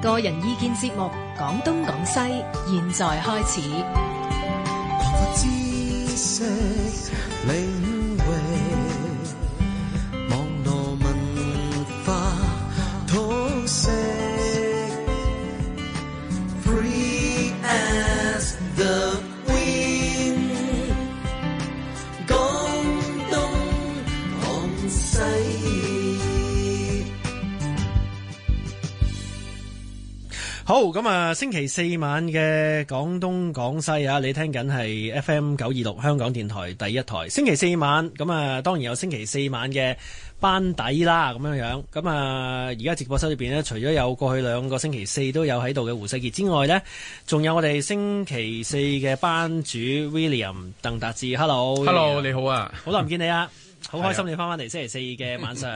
個人意見節目《廣東廣西》，現在開始。好咁、哦、啊！星期四晚嘅廣東廣西啊，你聽緊係 FM 九二六香港電台第一台。星期四晚咁啊，當然有星期四晚嘅班底啦，咁樣樣。咁啊，而家直播室裏邊呢，除咗有過去兩個星期四都有喺度嘅胡世杰之外呢，仲有我哋星期四嘅班主 William 鄧達智。Hello，Hello，Hello, Yeah. 你好啊，好耐唔見你啊！好開心你返返嚟星期四嘅晚上。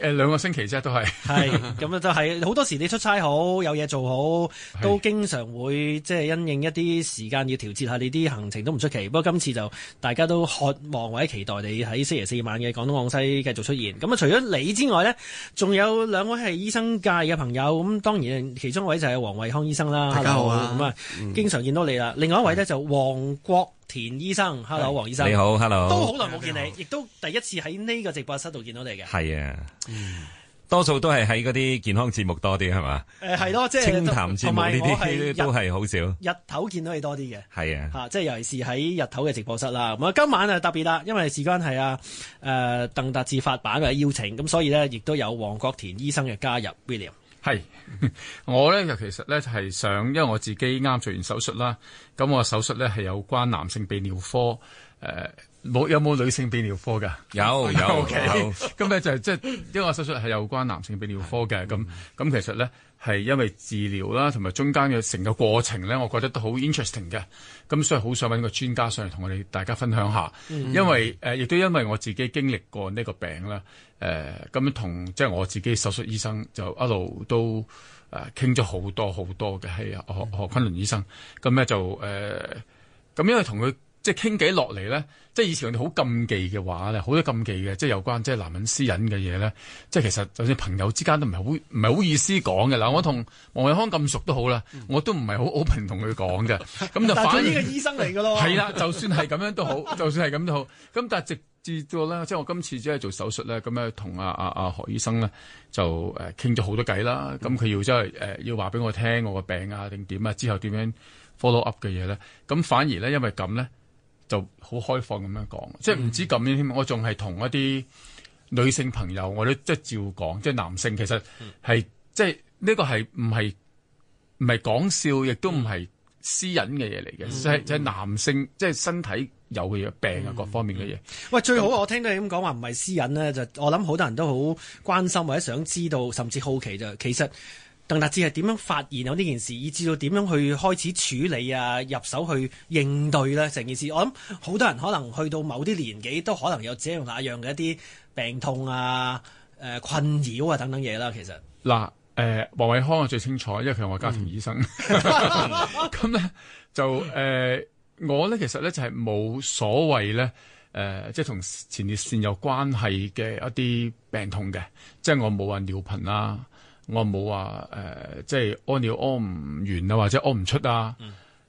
誒咳咳兩個星期啫，都係。係， 咁啊，就係好多時你出差好，有嘢做好，都經常會即係、就是、因應一啲時間要調節下，你啲行程都唔出奇。不過今次就大家都渴望或者期待你喺星期四晚嘅廣東往西繼續出現。咁啊，除咗你之外呢，仲有兩位係醫生界嘅朋友。咁當然其中一位就係黃惠康醫生啦，大家好。咁啊，嗯嗯、經常見到你啦。另外一位呢，嗯、就黃國田醫生，Hello，黃醫生，你好，Hello，都好耐冇見你，亦好都第一次喺呢個直播室度見到你嘅，係啊，嗯、多數都係喺嗰啲健康節目多啲，係嘛誒，係咯吧，即係、嗯、清談節目呢啲都係好少日，日頭見到你多啲嘅係啊吓、啊，即係尤其是喺日頭嘅直播室啦。咁啊，今晚啊特別啦，因為事關係啊，誒鄧達智發版嘅邀請，咁所以咧亦都有黃國田醫生嘅加入 William。係，我咧就其實咧就係想，因為我自己啱做完手術啦，咁我手術咧係有關男性泌尿科，誒、呃，冇有冇女性泌尿科噶？有有有，咁咧就係即係，因為我手術係有關男性泌尿科嘅，咁咁 其實咧。係因為治療啦，同埋中間嘅成個過程咧，我覺得都好 interesting 嘅。咁、嗯、所以好想揾個專家上嚟同我哋大家分享下。因為誒，亦都、嗯呃、因為我自己經歷過呢個病啦，誒、呃，咁同即係我自己手術醫生就一路都誒傾咗好多好多嘅，係何何昆侖醫生。咁咧就誒，咁、呃嗯嗯呃、因為同佢。即係傾偈落嚟咧，即係以前我哋好禁忌嘅話咧，好多禁忌嘅，即係有關即係男人私隱嘅嘢咧。即係其實就算朋友之間都唔係好唔係好意思講嘅嗱，我同黃惠康咁熟都好啦，我都唔係好 open 同佢講嘅，咁就反而。 但呢個醫生嚟噶咯。係 啦，就算係咁樣都好，就算係咁都好。咁 但係直至到咧，即係我今次即係做手術咧，咁咧同阿阿阿何醫生咧就誒傾咗好多偈啦。咁佢 要即係誒要話俾我聽我個病啊定點啊之後點樣 follow up 嘅嘢咧。咁反而咧因為咁咧。就好開放咁樣講，即係唔知咁樣添。嗯、我仲係同一啲女性朋友，我都即係照講。即係男性其實係、嗯、即係呢個係唔係唔係講笑，嗯、亦都唔係私隱嘅嘢嚟嘅。即係就係男性即係身體有嘅嘢、病啊各方面嘅嘢。嗯嗯嗯、喂，最好那我聽到你咁講話唔係私隱咧，就我諗好多人都好關心或者想知道，甚至好奇就其實。鄧達智係點樣發現有呢件事，以至到點樣去開始處理啊、入手去應對咧成件事。我諗好多人可能去到某啲年紀，都可能有這樣那樣嘅一啲病痛啊、誒、呃、困擾啊等等嘢啦。其實嗱，誒，黃惠康我最清楚，因為佢係我家庭醫生。咁咧、嗯、 就誒、呃、我咧其實咧就係、是、冇所謂咧誒，即係同前列腺有關係嘅一啲病痛嘅，即、就、係、是、我冇話尿頻啦、啊。 我冇話誒，即係屙尿屙唔完啊，或者屙唔出啊，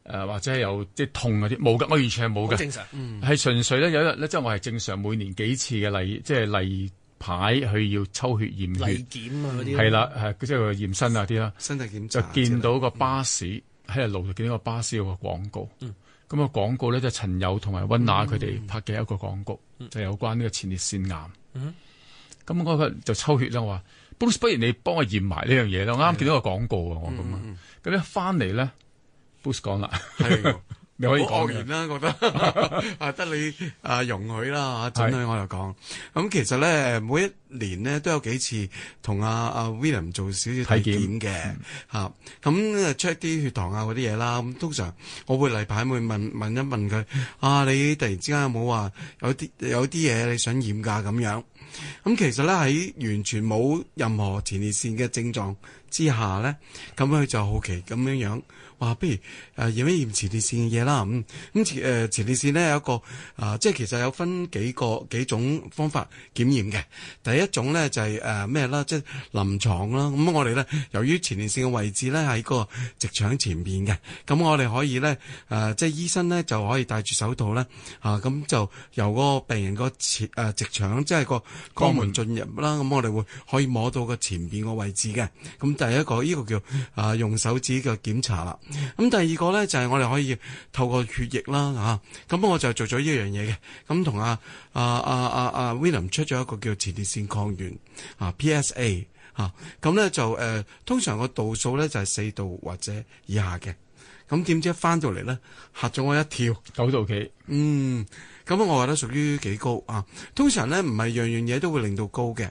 誒，或者係有即係痛嗰啲，冇噶，我完全係冇噶，正常，係純粹咧，有一日咧，即係我係正常每年幾次嘅例，即係例牌去要抽血驗血檢啊，嗰啲係啦，係即係驗身啊啲啦，身體檢查就見到個巴士喺條路度見到個巴士有個廣告，咁個廣告咧就陳友同埋溫娜佢哋拍嘅一個廣告，就有關呢個前列腺癌，咁我就抽血啦，我話。Bruce, 不如你幫我驗埋呢樣嘢啦。我啱啱見到個廣告啊，我咁啊，咁一翻嚟咧，Bruce 講啦，的 你可以講完。好愕然啦，覺得啊， 得你啊，容許啦，阿展女我又講。咁、嗯、其實咧，每一年咧都有幾次同阿阿 William 做少少體檢嘅，吓咁 check 啲血糖啊嗰啲嘢啦。咁通常我會例牌會問問一問佢啊，你突然之間有冇話有啲有啲嘢你想驗噶咁樣？咁其實咧喺完全冇任何前列腺嘅症狀。之下咧，咁佢就好奇咁樣樣，話不如誒、呃、驗一驗前列腺嘅嘢啦。咁咁誒前列腺咧有一個啊、呃，即係其實有分幾個幾種方法檢驗嘅。第一種咧就係誒咩啦，即係臨床啦。咁我哋咧由於前列腺嘅位置咧喺個直腸前面嘅，咁我哋可以咧誒、呃、即係醫生咧就可以戴住手套咧啊，咁、嗯、就由個病人個前誒直腸即係個肛門進入啦。咁我哋會可以摸到個前邊個位置嘅，咁。第一個呢、這個叫啊、呃、用手指嘅檢查啦，咁、嗯、第二個咧就係、是、我哋可以透過血液啦啊，咁我就做咗一樣嘢嘅，咁同阿阿阿阿阿 William 出咗一個叫前列腺抗原啊 PSA 啊，咁咧、啊嗯、就誒、呃、通常個度數咧就係、是、四度或者以下嘅，咁點知一翻到嚟咧嚇咗我一跳九度幾，嗯，咁我覺得屬於幾高啊，通常咧唔係樣樣嘢都會令到高嘅。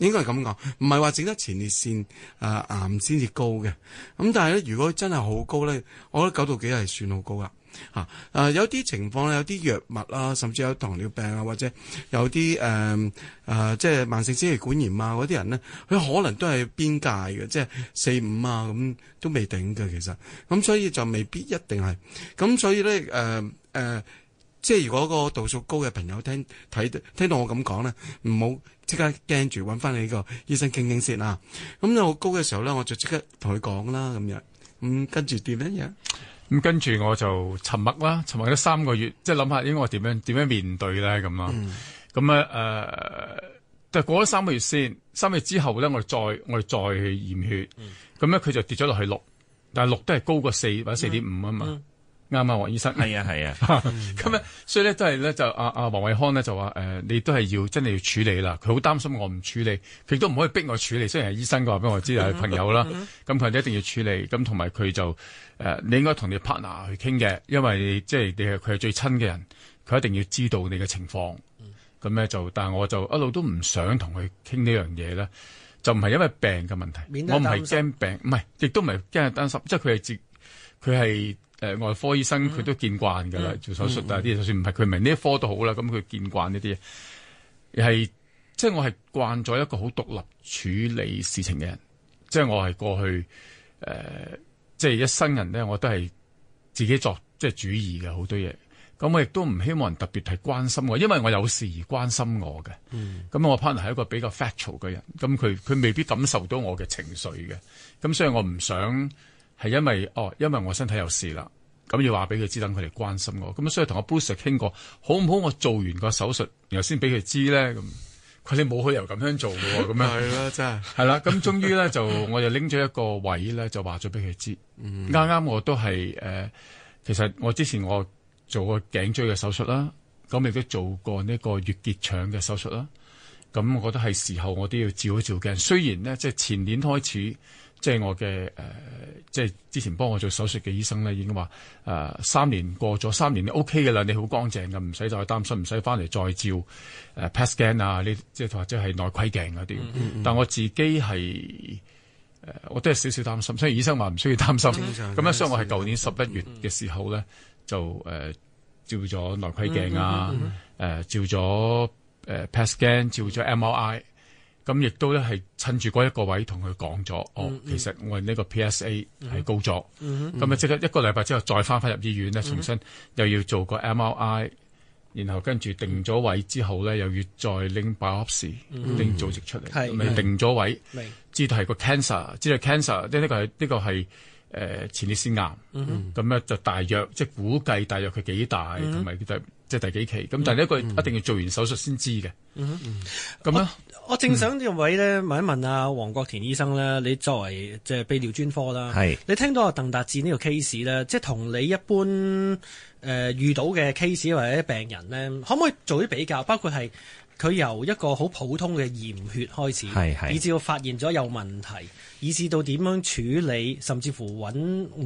應該係咁講，唔係話整得前列腺啊、呃、癌先至高嘅。咁、嗯、但係咧，如果真係好高咧，我覺得九度幾係算好高啦。嚇啊，呃、有啲情況咧，有啲藥物啊，甚至有糖尿病啊，或者有啲誒誒，即係慢性支氣管炎啊嗰啲人咧，佢可能都係邊界嘅，即係四五啊咁、嗯、都未頂嘅其實。咁、嗯、所以就未必一定係。咁、嗯、所以咧，誒、呃、誒。呃即係如果個度數高嘅朋友聽睇聽到我咁講咧，唔好即刻驚住揾翻你個醫生傾傾先啊！咁有高嘅時候咧，我就即刻同佢講啦咁樣。咁跟住點樣呢？咁跟住我就沉默啦，沉默咗三個月，即係諗下應該我點樣點樣面對咧咁咯。咁咧誒，但係、嗯呃、過咗三個月先，三個月之後咧，我哋再我哋再去驗血，咁咧佢就跌咗落去六，但係六都係高過四或者四點五啊嘛。嗯嗯啱啱黃醫生係啊係啊，咁啊、嗯 樣，所以咧都係咧就阿阿黃惠康咧就話誒、呃，你都係要真係要處理啦。佢好擔心我唔處理，佢都唔可以逼我處理。雖然係醫生，佢話俾我知係、嗯、朋友啦，咁佢、嗯、一定要處理。咁同埋佢就誒，你應該同你 partner 去傾嘅，因為即係你係佢係最親嘅人，佢一定要知道你嘅情況。咁咧、嗯、就，但係我就一路都唔想同佢傾呢樣嘢咧，就唔係因為病嘅問題，我唔係驚病，唔係亦都唔係驚擔心，即係佢係佢係。誒，外科醫生佢、嗯、都見慣噶啦，嗯、做手術啊啲，就算唔係佢明呢一科都好啦，咁佢見慣呢啲嘢，係即係我係慣咗一個好獨立處理事情嘅人，即、就、係、是、我係過去誒，即、呃、係、就是、一生人咧，我都係自己作即係、就是、主意嘅好多嘢，咁我亦都唔希望人特別係關心我，因為我有事而關心我嘅，咁、嗯、我 partner 係一個比較 factual 嘅人，咁佢佢未必感受到我嘅情緒嘅，咁所以我唔想。係因為哦，因為我身體有事啦，咁要話俾佢知，等佢哋關心我。咁所以同阿 Bruce 傾過，好唔好？我做完個手術，然後先俾佢知咧。咁佢哋冇去由咁樣做嘅，咁樣係啦，真係係啦。咁終於咧就，我就拎咗一個位咧，就話咗俾佢知。啱啱 我都係誒、呃，其實我之前我做過頸椎嘅手術啦，咁亦都做過呢個月結腸嘅手術啦。咁我覺得係時候我都要照一照鏡。雖然咧，即係前年開始。即係我嘅誒、呃、即係之前幫我做手術嘅醫生咧，已經話誒、呃、三年過咗，三年你 O K 嘅啦，你好乾淨嘅，唔使再擔心，唔使翻嚟再照誒 pass scan 啊，呢即係或者係內窺鏡嗰啲。嗯嗯嗯、但我自己係誒、呃、我都係少少擔心，所以醫生話唔需要擔心。咁樣所以我係舊年十一月嘅時候咧，就誒、呃、照咗內窺鏡啊，誒照咗誒 pass scan，照咗、呃呃、MRI。咁亦都咧係趁住嗰一個位同佢講咗，哦，其實我係呢個 PSA 係高咗，咁啊即刻一個禮拜之後再翻返入醫院咧，重新又要做個 MRI，然後跟住定咗位之後咧，又要再拎 biopsy，拎組織出嚟，咁啊定咗位，知道係個 cancer，知道 cancer，即係呢個係呢個係誒前列腺癌，咁咧就大約即係估計大約佢幾大同埋記得。即係第幾期？咁但係呢一個一定要做完手術先知嘅。咁啊、嗯哼樣，我正想位呢位咧問一問阿、啊、黃國田醫生咧，你作為即係泌尿專科啦，是你聽到阿鄧達智呢個 case 咧，即係同你一般誒、呃、遇到嘅 case 或者病人咧，可唔可以做啲比較？包括係。佢由一個好普通嘅驗血開始，係，係，以至到發現咗有問題，以至到點樣處理，甚至乎揾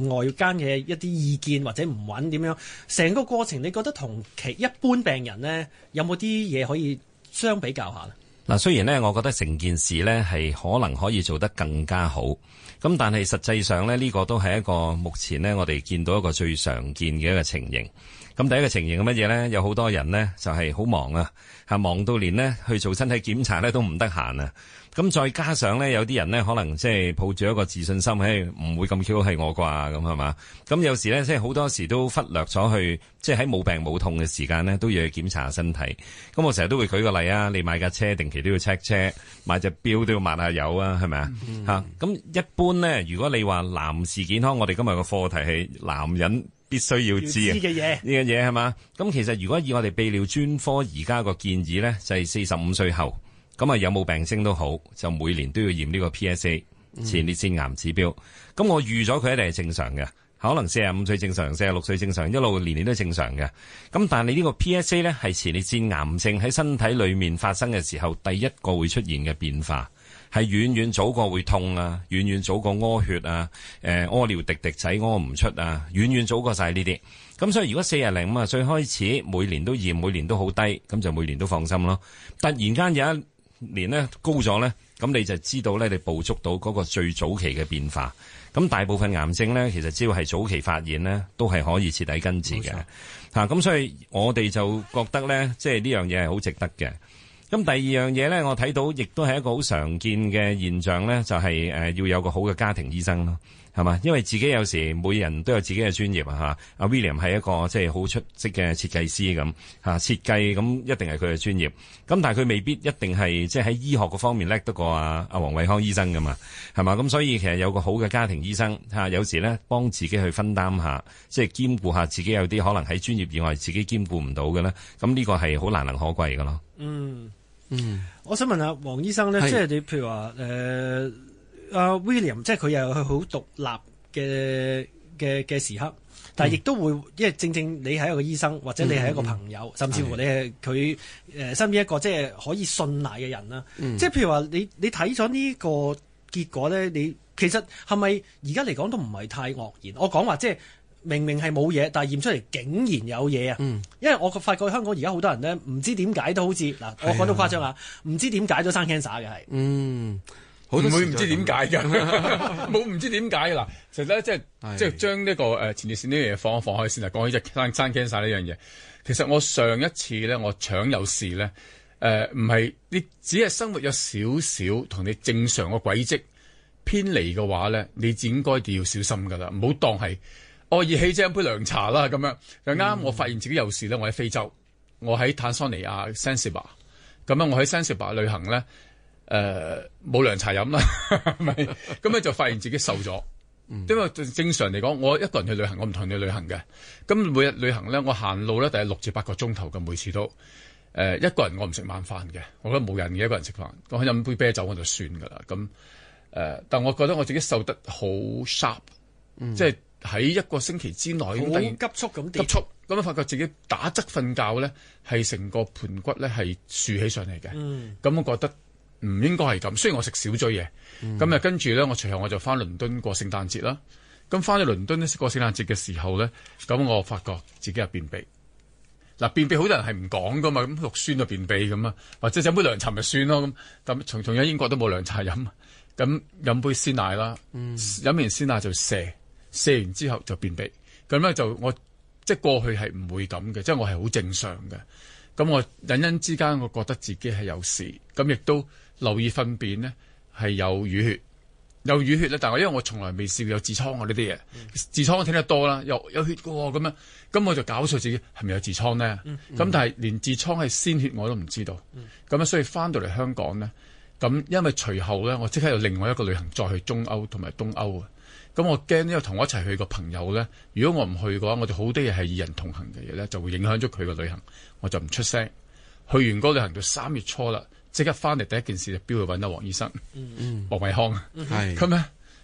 外間嘅一啲意見或者唔揾點樣，成個過程你覺得同其一般病人咧，有冇啲嘢可以相比較下咧？嗱，雖然咧，我覺得成件事咧係可能可以做得更加好，咁但係實際上咧，呢、呢個都係一個目前咧，我哋見到一個最常見嘅一個情形。咁第一個情形係乜嘢咧？有好多人咧就係好忙啊，嚇忙到連呢去做身體檢查咧都唔得閒啊。咁再加上咧，有啲人咧可能即係抱住一個自信心，嘿，唔會咁 q 係我啩，咁係嘛？咁有時咧，即係好多時都忽略咗去，即係喺冇病冇痛嘅時間咧，都要去檢查身體。咁我成日都會舉個例啊，你買架車定期都要 check 車，買隻錶都要抹下油嗯嗯啊，係咪啊？嚇！咁一般咧，如果你話男士健康，我哋今日個課題係男人必須要知嘅嘢呢樣嘢係嘛？咁其實如果以我哋泌尿專科而家個建議咧，就係四十五歲後。咁啊有冇病徵都好，就每年都要驗呢個 P.S.A. 前列腺癌指標。咁我預咗佢一定係正常嘅，可能四廿五歲正常，四廿六歲正常，一路年年都正常嘅。咁但係你呢個 P.S.A. 呢係前列腺癌症喺身體裏面發生嘅時候，第一個會出現嘅變化係遠遠早過會痛啊，遠遠早過屙血啊，誒屙尿滴滴仔屙唔出啊，遠遠早過晒呢啲。咁所以如果四廿零五啊歲開始，每年都驗，每年都好低，咁就每年都放心咯。突然間有一年呢高咗呢，咁你就知道呢，你捕捉到嗰個最早期嘅變化。咁大部分癌症呢，其實只要係早期發現呢，都係可以徹底根治嘅。嚇，咁所以我哋就覺得呢，即係呢樣嘢係好值得嘅。咁第二樣嘢呢，我睇到亦都係一個好常見嘅現象呢，就係誒要有個好嘅家庭醫生咯。係嘛？因為自己有時，每人都有自己嘅專業啊！吓，阿 William 係一個即係好出色嘅設計師，咁吓，設計咁一定係佢嘅專業。咁、嗯、但係佢未必一定係即係喺醫學嘅方面叻得過阿阿黃惠康醫生噶嘛係嘛？咁所以其實有個好嘅家庭醫生吓、啊，有時呢幫自己去分擔下，即係兼顧下自己有啲可能喺專業以外自己兼顧唔到嘅咧，咁呢個係好難能可貴噶咯。嗯嗯，嗯我想問下黃醫生呢，是即係你譬如話誒。呃阿、uh, William 即係佢又佢好獨立嘅嘅嘅時刻，但係亦都會，嗯、因為正正你係一個醫生，或者你係一個朋友，嗯嗯、甚至乎你係佢誒身邊一個即係、就是、可以信賴嘅人啦。嗯、即係譬如話你你睇咗呢個結果咧，你其實係咪而家嚟講都唔係太愕然？我講話即係明明係冇嘢，但係驗出嚟竟然有嘢啊！嗯、因為我發覺香港而家好多人咧，唔知點解都好似嗱，嗯、我講到誇張啊，唔、嗯、知點解都生 cancer 嘅係。嗯唔會唔知點解噶，冇唔知點解噶嗱，其實咧、就是、的即係即係將呢個誒、呃、前列腺呢樣嘢放一放開先啊，講起就生生驚晒呢樣嘢。其實我上一次咧，我腸有事咧，誒唔係你只係生活有少少同你正常個軌跡偏離嘅話咧，你應該要小心噶啦，唔好當係我熱氣即一杯涼茶啦咁樣。又啱，我發現自己有事咧，我喺非洲，我喺坦桑尼亞桑士巴，咁樣我喺桑士巴旅行咧。誒，冇涼、呃、茶飲啦，咪咁咧就發現自己瘦咗。 嗯、因為正常嚟講，我一個人去旅行，我唔同你去旅行嘅。咁每日旅行咧，我行路咧，大約六至八個鐘頭嘅，每次都誒、呃、一個人，我唔食晚飯嘅，我覺得冇人嘅一個人食飯，我飲杯啤酒我就算噶啦。咁誒、呃，但我覺得我自己瘦得好 sharp，、嗯、即係喺一個星期之內，突然急速咁，急速咁樣發覺自己打側瞓覺咧，係成個盤骨咧係豎起上嚟嘅。咁、嗯嗯、我覺得。唔應該係咁，雖然我食少咗嘢，咁啊、嗯、跟住咧，我隨後我就返倫敦過聖誕節啦。咁返去倫敦咧，過聖誕節嘅時候咧，咁我發覺自己係便秘。嗱、啊，便秘好多人係唔講噶嘛，咁肉酸啊，便、便秘咁啊，或者飲杯涼茶咪算咯咁。咁從從而英國都冇涼茶飲，咁飲杯鮮奶啦，嗯、飲完鮮奶就瀉，瀉完之後就便秘。咁咧就我即係過去係唔會咁嘅，即係我係好正常嘅。咁我隱隱之間我覺得自己係有事，咁亦都。留意糞便呢係有淤血，有淤血咧。但係因為我從來未試過有痔瘡啊呢啲嘢，痔瘡、嗯、我聽得多啦，有有血嘅喎咁啊，咁我就搞錯自己係咪有痔瘡呢？咁、嗯嗯、但係連痔瘡係鮮血我都唔知道，咁啊、嗯，所以翻到嚟香港呢。咁因為隨後呢，我即刻有另外一個旅行再去中歐同埋東歐啊，咁我驚呢個同我一齊去嘅朋友呢，如果我唔去嘅話，我就好多嘢係二人同行嘅嘢呢，就會影響咗佢嘅旅行，我就唔出聲。去完個旅行到三月初啦。即刻翻嚟，第一件事就標去揾阿黃醫生，黃惠康，係咁咧。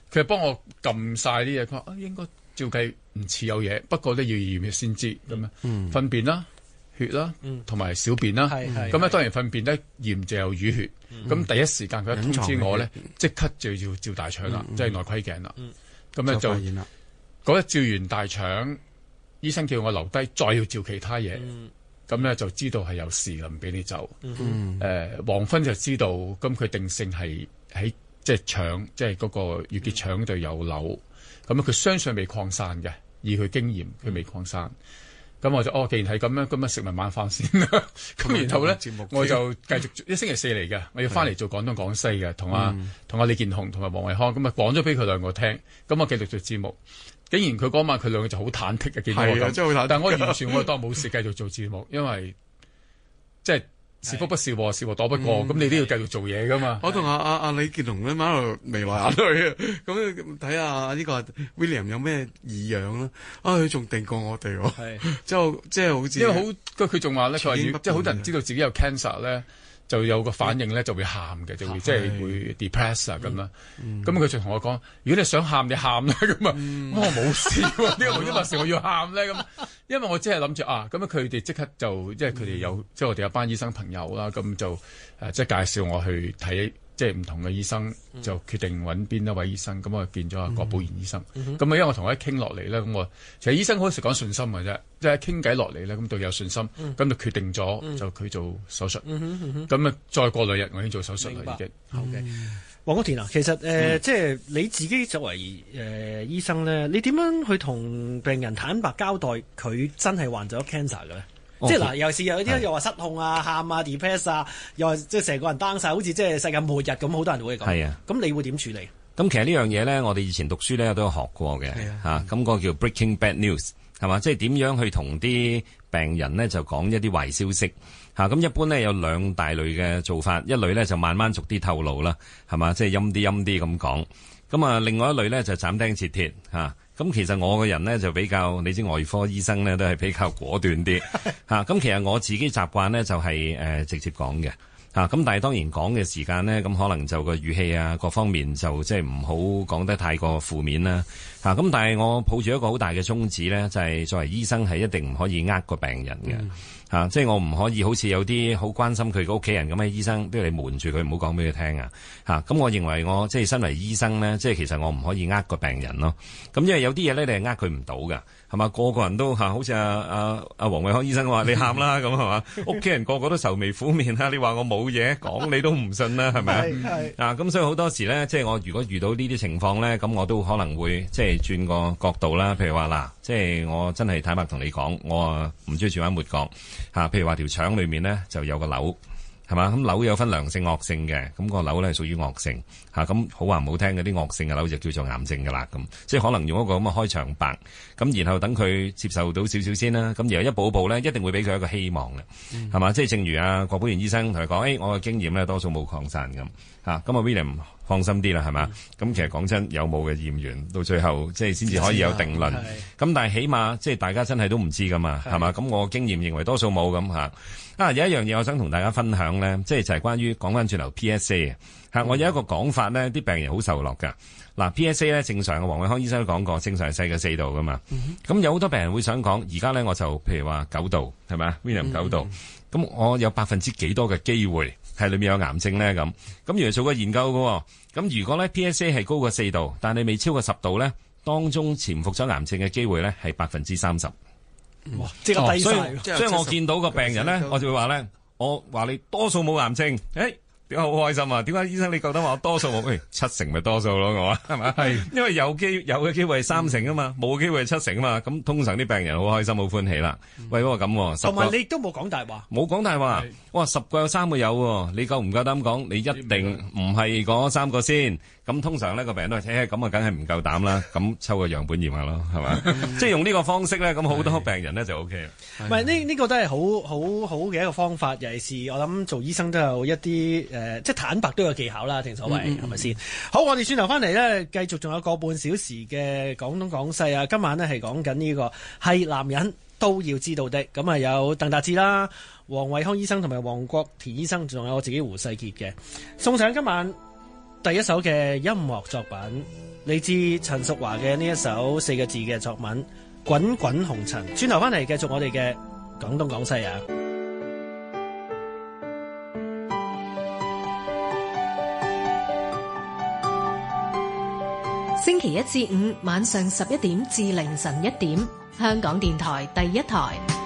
佢係幫我撳晒啲嘢，佢話：啊，應該照計唔似有嘢，不過咧要驗血先知咁樣。嗯，糞便啦、血啦，同埋小便啦。咁咧，當然糞便咧驗就有淤血。咁第一時間佢通知我咧，即刻就要照大腸啦，即係內窺鏡啦。咁咧就嗰日照完大腸，醫生叫我留低，再要照其他嘢。咁咧就知道係有事啦，唔俾你走。誒黃坤就知道，咁佢定性係喺即係搶，即係嗰個月結搶對有樓。咁佢、mm hmm. 相信未擴散嘅，以佢經驗佢未擴散。咁、mm hmm. 我就哦，既然係咁樣，咁啊食埋晚飯先啦。咁 然後咧，嗯嗯、我就繼續、嗯、一星期四嚟嘅，我要翻嚟做廣東廣西嘅，同阿同啊李健雄同埋黃惠康，咁啊講咗俾佢兩個聽，咁我繼續做節目。竟然佢嗰晚佢兩個就好忐忑嘅幾多咁，但我完全我當冇事繼續做節目，因為即係是福不是禍，是禍躲不過，咁你都要繼續做嘢噶嘛。我同阿阿阿李健龍咧咪喺度眼淚啊！咁睇下，呢個 William 有咩異樣啦？啊，佢仲定過我哋喎，之後即係好似因為好佢佢仲話咧，即係好多人知道自己有 cancer 咧。就有個反應咧，就會喊嘅，就會的即係會 depress 啊咁啦。咁佢就同我講：如果你想喊，你喊啦咁啊！我冇事，呢個唔一定話事，我要喊咧咁。因為我真係諗住啊，咁樣佢哋即刻就、嗯、即係佢哋有即係我哋有班醫生朋友啦，咁就誒、呃、即係介紹我去睇。即係唔同嘅醫生就決定揾邊一位醫生，咁我見咗阿郭寶賢醫生。咁啊、嗯哼，因為我同佢傾落嚟咧，咁我其實醫生好少講信心嘅啫。即係傾偈落嚟咧，咁對有信心，咁、嗯、就決定咗、嗯、就佢做手術。咁啊、嗯嗯，再過兩日我已經做手術啦。白已經。好嘅 Okay.、嗯，黃國田啊，其實誒，呃嗯、即係你自己作為誒、呃、醫生咧，你點樣去同病人坦白交代佢真係患咗 cancer 嘅咧？哦、即係嗱，尤其有啲是又話失控啊、喊啊、depress 啊，又話即係成個人 down 晒，好似即係世界末日咁，好多人會講。係啊，咁你會點處理？咁其實呢樣嘢咧，我哋以前讀書咧都有學過嘅。係啊，咁、啊嗰個叫 breaking bad news 係嘛？即係點樣去同啲病人呢就講一啲壞消息？嚇、啊、咁一般咧有兩大類嘅做法，一類咧就慢慢逐啲透露啦，係嘛？即係陰啲陰啲咁講。咁啊，另外一類咧就斬釘截鐵嚇。啊咁其實我個人呢，就比較，你知外科醫生呢，都係比較果斷啲嚇。咁 其實我自己習慣呢，就係誒直接講嘅嚇。咁但係當然講嘅時間呢，咁可能就個語氣啊各方面就即係唔好講得太過負面啦。啊！咁但係我抱住一個好大嘅宗旨咧，就係作為醫生係一定唔可以呃個病人嘅吓，即係我唔可以好似有啲好關心佢個屋企人咁嘅醫生，不如你瞞住佢，唔好講俾佢聽啊！吓，咁我認為我即係身為醫生呢，即係其實我唔可以呃個病人咯。咁因為有啲嘢咧，你係呃佢唔到噶，係嘛？個個人都吓，好似阿阿阿黃惠康醫生話你喊啦咁係嘛？屋企人個個都愁眉苦面啦，你話我冇嘢講，你都唔信啦，係咪啊？咁所以好多時呢，即係我如果遇到呢啲情況呢，咁我都可能會即係。轉個角度啦，譬如話嗱，即係我真係坦白同你講，我啊唔中意轉彎抹角吓。譬如話條腸裏面咧，就有個瘤。係嘛？咁樓有分良性、惡性嘅，咁、個樓咧係屬於惡性嚇。咁、啊、好話唔好聽，嗰啲惡性嘅樓就叫做癌症㗎啦。咁即係可能用一個咁嘅開場白，咁然後等佢接受到少少先啦。咁然後一步一步咧，一定會俾佢一個希望嘅，係嘛、嗯？即係正如啊郭寶元醫生同佢講，誒、哎，我嘅經驗咧，多數冇擴散咁嚇。咁啊 William 放心啲啦，係嘛？咁、嗯、其實講真，有冇嘅驗完，到最後即係先至可以有定論。咁、嗯嗯、但係起碼即係大家真係都唔知㗎嘛，係嘛？咁的我經驗認為多數冇咁嚇。啊、有一樣嘢我想同大家分享呢，即係就係關於講翻轉頭 PSA 吓，我有一個講法呢，啲病人好受落噶。嗱、啊、PSA 咧正常嘅，黃惠康醫生都講過，正常係細過四度噶嘛。咁、嗯、哼有好多病人會想講，而家呢，我就譬如話九度，係咪啊？William 九度，咁、嗯、我有百分之幾多嘅機會係裏面有癌症呢？咁咁原來做過研究噶，咁如果呢 PSA 係高過四度，但你未超過十度呢，當中潛伏咗癌症嘅機會呢，係百分之三十。即係低晒，哦、所以所以我見到個病人咧，九九我就會話咧，我話你多數冇癌症，誒點解好開心啊？點解醫生你覺得話我多數冇、哎、七成咪多數咯？我係咪係？是因為有機有嘅機會係三成啊嘛，冇嘅機會係七成啊嘛。咁通常啲病人好開心好歡喜啦。嗯、喂，我咁、啊、十同埋你都冇講大話，冇講大話哇，十個有三個有、啊，你夠唔夠膽講？你一定唔係嗰三個先。咁通常呢個病人都話，誒咁啊，梗係唔夠膽啦，咁抽個樣本驗下咯，係嘛？ 即係用呢個方式咧，咁好多病人咧就 O K 啦。唔係呢，呢個都係好好好嘅一個方法，尤其是我諗做醫生都有一啲誒、呃，即係坦白都有技巧啦，正所謂係咪先？嗯、是是好，我哋轉頭翻嚟咧，繼續仲有個半小時嘅廣東廣西啊，今晚呢係講緊呢個係男人都要知道的，咁啊有鄧達智啦、黃惠康醫生同埋黃國田醫生，仲有我自己胡世傑嘅送上今晚。第一首嘅音樂作品，嚟自陳淑樺嘅呢一首四個字嘅作品《滾滾紅塵》。轉頭翻嚟，繼續我哋嘅廣東廣西人。星期一至五晚上十一點至凌晨一點，香港電台第一台。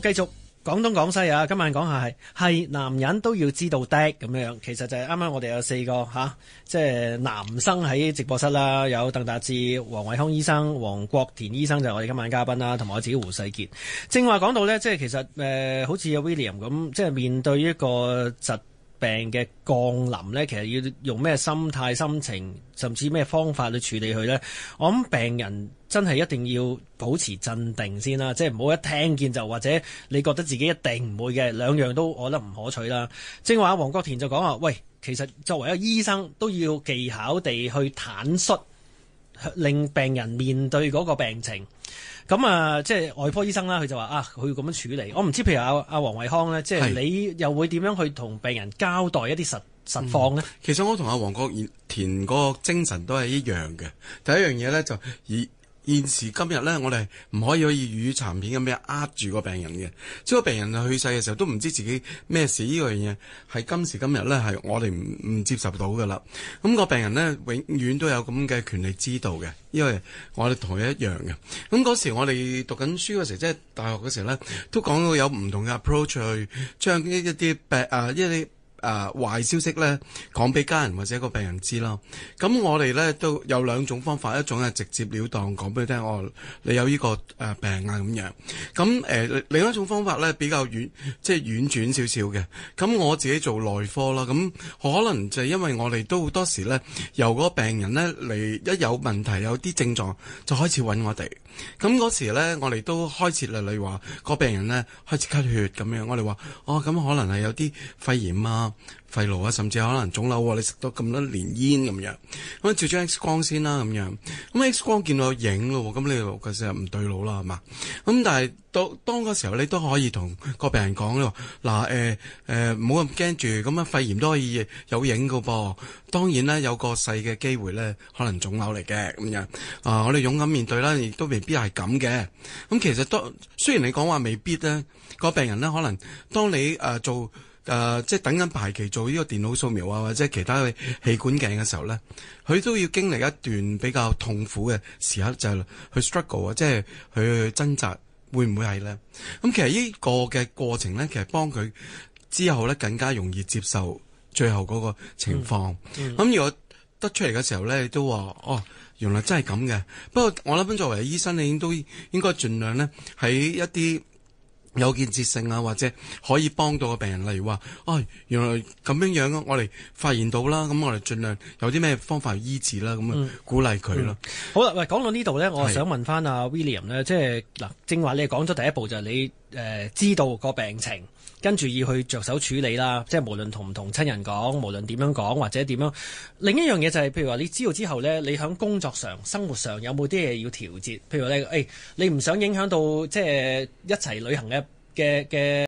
繼續講東講西啊！今晚講下係，係男人都要知道的咁樣。其實就係啱啱我哋有四個吓，即、啊、係、就是、男生喺直播室啦。有鄧達志、黃惠康醫生、黃國田醫生就係我哋今晚嘉賓啦，同埋我自己胡世傑。正話講到呢，即係其實誒、呃，好似阿 William 咁，即係面對一個疾。病嘅降臨呢，其實要用咩心態、心情，甚至咩方法去處理佢呢？我諗病人真係一定要保持鎮定先啦，即係唔好一聽見就或者你覺得自己一定唔會嘅，兩樣都我覺得唔可取啦。正話，黃國田就講話，喂，其實作為一個醫生，都要技巧地去坦率令病人面對嗰個病情。咁啊，呃，即係外科醫生啦，佢就話啊，佢要咁樣處理，我唔知，譬如阿阿黃惠康咧，即係你又會點樣去同病人交代一啲實實況咧，嗯？其實我同阿黃國田嗰個精神都係一樣嘅，第一樣嘢咧就以。現時今日咧，我哋唔可以可以語殘片咁樣扼住個病人嘅，即係個病人去世嘅時候都唔知自己咩事呢個樣嘢，係今時今日咧係我哋唔唔接受到噶啦。咁個病人咧永遠都有咁嘅權利知道嘅，因為我哋同佢一樣嘅。咁嗰時我哋讀緊書嗰時候，即係大學嗰時咧，都講到有唔同嘅 approach 去將呢一啲病啊，一啲。誒、啊、壞消息咧，講俾家人或者一個病人知咯。咁我哋咧都有兩種方法，一種係直接了當講俾佢聽，哦，你有呢、呢個誒、啊、病啊咁樣。咁誒、呃、另一種方法咧比較遠，即係婉轉少少嘅。咁我自己做內科啦，咁可能就係因為我哋都好多時咧，由嗰病人咧你一有問題有啲症狀，就開始揾我哋。咁嗰時咧，我哋都開始例如話、嗰個病人咧開始咳血咁樣，我哋話哦咁可能係有啲肺炎啊。肺癆啊，甚至可能腫瘤啊，你食多咁多年煙咁樣，咁啊照張 X 光先啦咁樣，咁 X 光見到影咯，咁你個就唔對路啦係嘛？咁但係當當嗰時候，你都可以同個病人講咧，嗱誒誒，唔好咁驚住，咁、呃、啊肺炎都可以有影噶噃，當然咧有個細嘅機會咧，可能腫瘤嚟嘅咁樣啊、呃，我哋勇敢面對啦，亦都未必係咁嘅。咁其實當雖然你講話未必咧，個病人咧可能當你誒、呃、做。誒、呃，即係等緊排期做呢個電腦掃描啊，或者其他嘅氣管鏡嘅時候咧，佢都要經歷一段比較痛苦嘅時刻，就係、是、去 struggle 啊，即係去掙扎，會唔會係咧？咁其實呢個嘅過程咧，其實幫佢之後咧更加容易接受最後嗰個情況。咁、嗯嗯、如果得出嚟嘅時候咧，都話哦，原來真係咁嘅。不過我諗，作為醫生咧，你都應該盡量咧喺一啲。有建設性啊，或者可以幫到個病人，例如話，哦，原來咁樣樣啊，我哋發現到啦，咁我哋盡量有啲咩方法去醫治啦，咁啊鼓勵佢咯、嗯嗯。好啦，喂，講到呢度咧，我想問翻阿 William 咧、就係，即係嗱，正話你講咗第一步就係、係、你誒知道個病情。跟住要去着手處理啦，即係無論同唔同親人講，無論點樣講或者點樣。另一樣嘢就係，譬如話你知道之後呢，你喺工作上、生活上有冇啲嘢要調節？譬如話呢，誒，你唔想影響到即係一齊旅行嘅嘅嘅。